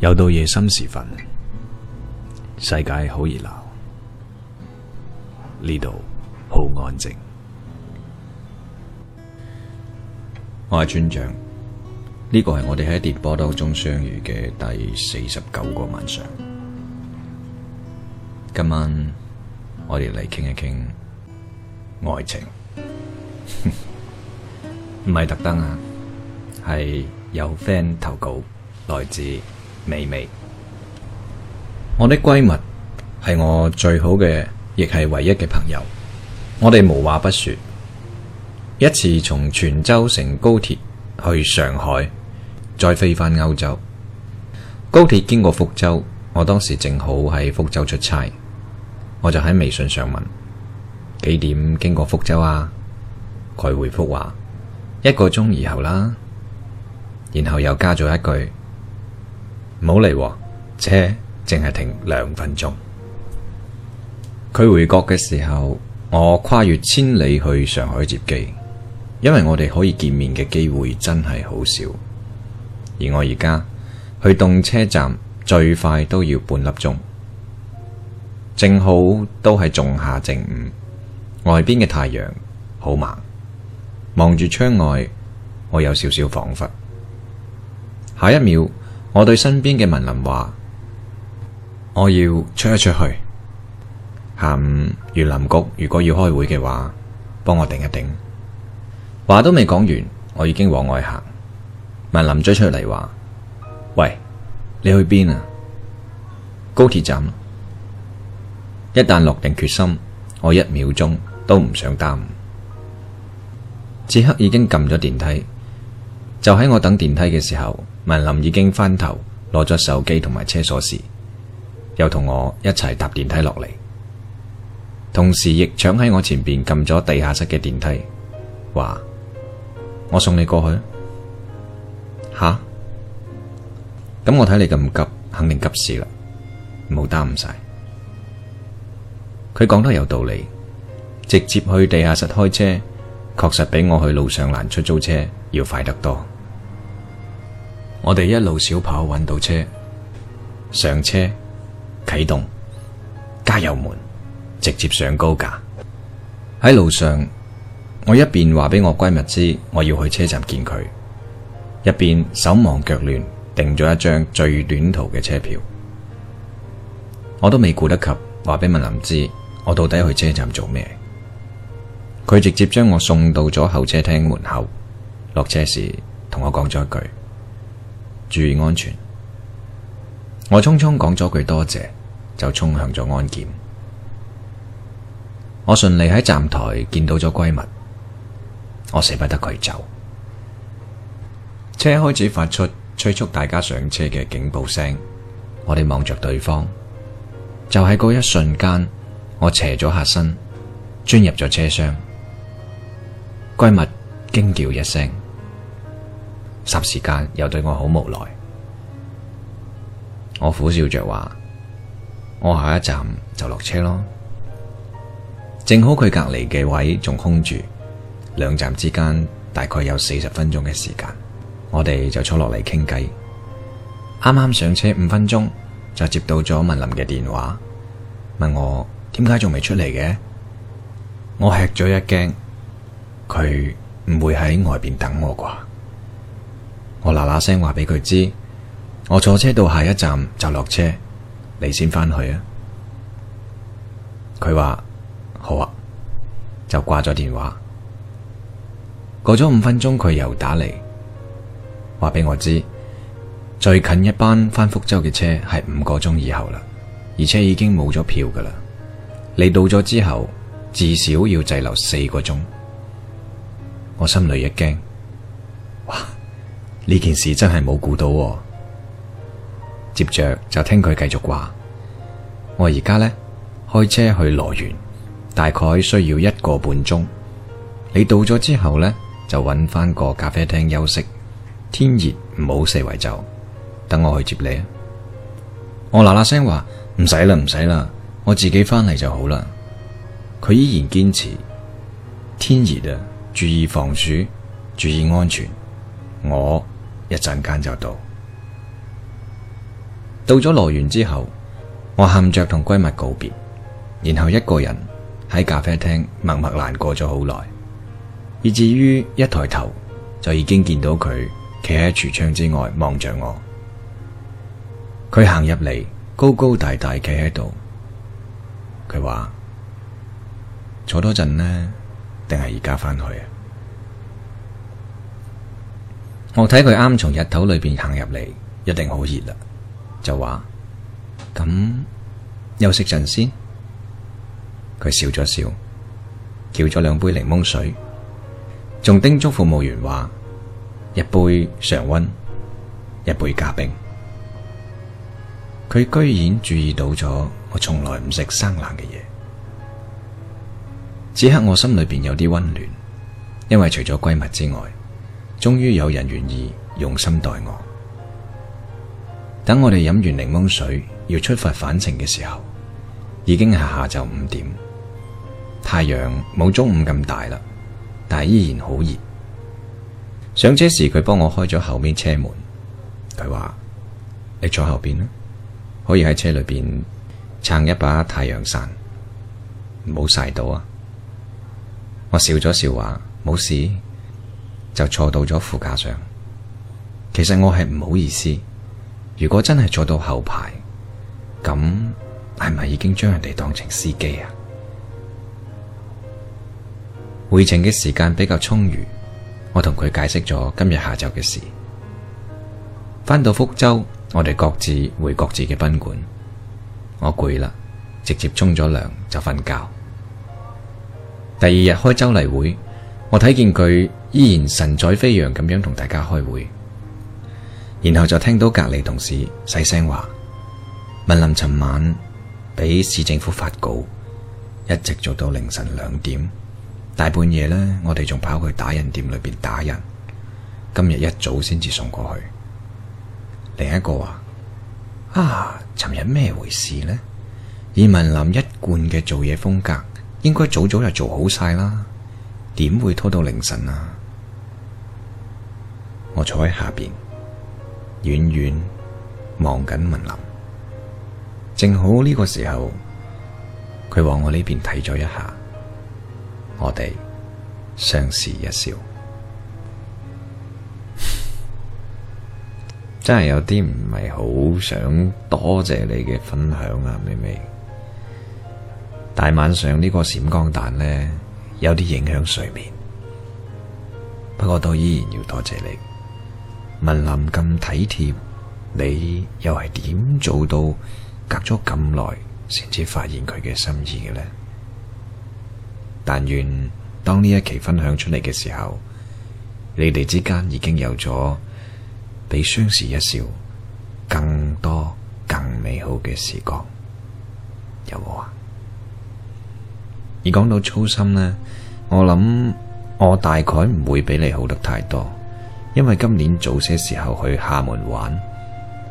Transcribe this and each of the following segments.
又到夜深時分，世界好熱鬧，呢度好安靜。我係村長，呢個係我哋喺電波當中相遇嘅第四十九個晚上。今晚我哋嚟傾一傾愛情，唔係特登啊，係有 fan 投稿來自。美美，我的閨蜜係我最好嘅，亦係唯一嘅朋友。我哋無話不說。一次從泉州乘高鐵去上海，再飛返歐洲。高鐵經過福州，我當時正好喺福州出差，我就喺微信上問幾點經過福州啊？佢回覆話一個鐘以後啦，然後又加咗一句。唔好嚟，車淨係停兩分鐘。佢回國嘅時候，我跨越千里去上海接機，因為我哋可以見面嘅機會真係好少。而我而家去動車站最快都要半粒鐘，正好都係仲夏正午，外邊嘅太陽好猛。望住窗外，我有少少恍惚。下一秒，我對身邊嘅文林話：我要出一出去。下午園林局如果要開會嘅話，幫我頂一頂。話都未講完，我已經往外行。文林追出嚟話：喂，你去邊啊？高鐵站。一旦落定決心，我一秒鐘都唔想耽誤。此刻已經撳咗電梯。就喺我等電梯嘅時候，文林已經翻頭攞咗手機同埋車鎖匙，又同我一齊搭電梯落嚟，同時亦搶喺我前邊撳咗地下室嘅電梯，話：我送你過去。吓？咁我睇你咁急，肯定急事啦，唔好耽誤晒。佢講得有道理，直接去地下室開車，確實比我去路上攔出租車要快得多。我哋一路小跑揾到車，上車啟動，加油門，直接上高架。喺路上，我一邊話畀我閨蜜知我要去車站見佢，一邊手忙腳亂訂咗一張最短途嘅車票。我都未顧得及話畀文林知我到底去車站做咩，佢直接將我送到咗候車廳門口。落車時，同我講咗一句。注意安全！我匆匆講咗句多謝，就衝向咗安檢。我順利喺站台見到咗閨蜜，我捨不得佢走。車開始發出催促大家上車嘅警報聲，我哋望着對方，就喺嗰一瞬間，我斜咗下身，鑽入咗車廂。閨蜜驚叫一聲。霎時間又對我好無奈，我苦笑着話：我下一站就落車咯。正好佢隔籬嘅位仲空住，兩站之間大概有四十分鐘嘅時間，我哋就坐落嚟傾偈。啱啱上車五分鐘就接到咗文林嘅電話，問我點解仲未出嚟嘅？我吃咗一驚，佢唔會喺外邊等我啩？我嗱嗱聲話俾佢知，我坐車到下一站就落車，你先翻去啊。佢話好啊，就掛咗電話。過咗五分鐘，佢又打嚟，話俾我知最近一班翻福州嘅車係五個鐘以後啦，而且已經冇咗票噶啦。你到咗之後，至少要滯留四個鐘。我心裏一驚。呢件事真係冇估到喎。接着就聽佢繼續話：我而家呢，開車去羅源，大概需要一個半鐘。你到咗之後呢，就搵返個咖啡廳休息。天熱唔好四圍走，等我去接你。我嗱嗱聲話唔使啦，唔使啦，我自己返嚟就好啦。佢依然堅持。天熱啊，注意防暑，注意安全。我。一陣間就到，到咗羅源之後，我喊着同閨蜜告別，然後一個人喺咖啡廳默默難過咗好耐，以至於一抬頭就已經見到佢企喺櫥窗之外望着我。佢行入嚟，高高大大企喺度。佢話，坐多陣呢，定係而家翻去啊？我睇佢啱從日頭裏邊行入嚟，一定好熱啦，就話咁休息陣先。佢笑咗笑，叫咗兩杯檸檬水，仲叮囑服務員話：一杯常温，一杯加冰。佢居然注意到咗我從來唔食生冷嘅嘢。此刻我心裏邊有啲温暖，因為除咗閨蜜之外。終於有人願意用心待我。等我哋飲完檸檬水，要出發返程嘅時候，已經係下晝五點，太陽冇中午咁大啦，但係依然好熱。上車時佢幫我開咗後面車門，佢話：你坐後邊啦，可以喺車裏邊撐一把太陽傘，唔好曬到啊。我笑咗笑話：冇事。就坐到咗副駕上，其實我係唔好意思。如果真係坐到後排，咁係咪已經將人哋當成司機啊？回程嘅時間比較充裕，我同佢解釋咗今日下晝嘅事。翻到福州，我哋各自回各自嘅賓館。我攰啦，直接沖咗涼就瞓覺。第二日開周例會，我睇見佢，依然神采飛揚咁樣同大家開會，然後就聽到隔離同事細聲話：文林尋晚俾市政府發稿，一直做到凌晨兩點，大半夜呢，我哋仲跑去打印店裏邊打印，今日一早先至送過去。另一個話：啊，尋日咩回事呢？以文林一貫嘅做嘢風格，應該早早就做好晒啦，點會拖到凌晨啊？我坐喺下邊，遠遠望緊文林。正好呢個時候，佢往我呢邊睇咗一下，我哋相視一笑。 真係有啲唔係好想多謝你嘅分享啊，美美。大晚上呢個閃光彈呢，有啲影響睡眠。不過都依然要多謝你。文林咁體貼，你又係點做到隔咗咁耐，先至發現佢嘅心意嘅呢？但願當呢一期分享出嚟嘅時候，你哋之間已經有咗比相視一笑更多、更美好嘅時光，有冇啊？而講到操心呢，我諗我大概唔會比你好得太多。因為今年早些時候去廈門玩，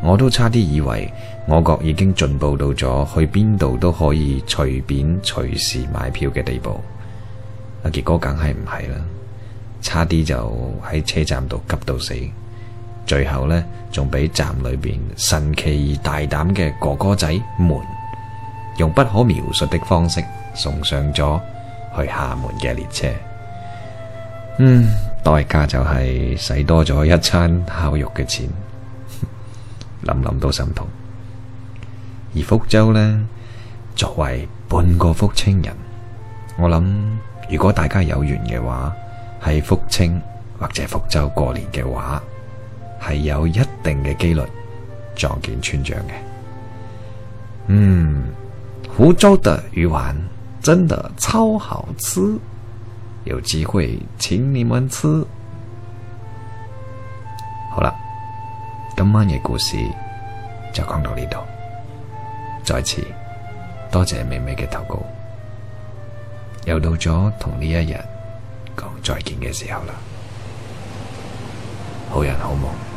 我都差啲以為我國已經進步到咗去邊度都可以隨便隨時買票嘅地步。結果梗係唔係啦，差啲就喺車站度急到死，最後呢，仲俾站裏邊神奇而大膽嘅哥哥仔們用不可描述的方式送上咗去廈門嘅列車。嗯。代價就係使多咗一餐烤肉嘅錢，諗 諗都心痛。而福州呢，作為半個福清人，我諗如果大家有緣嘅話，喺福清或者福州過年嘅話，係有一定嘅幾率撞見村長嘅。嗯，福州嘅魚丸，真的超好吃。有機會請你們吃。好啦，今晚嘅故事就講到呢度。再次多謝美美嘅投稿，又到咗同呢一日講再見嘅時候啦。好人好夢。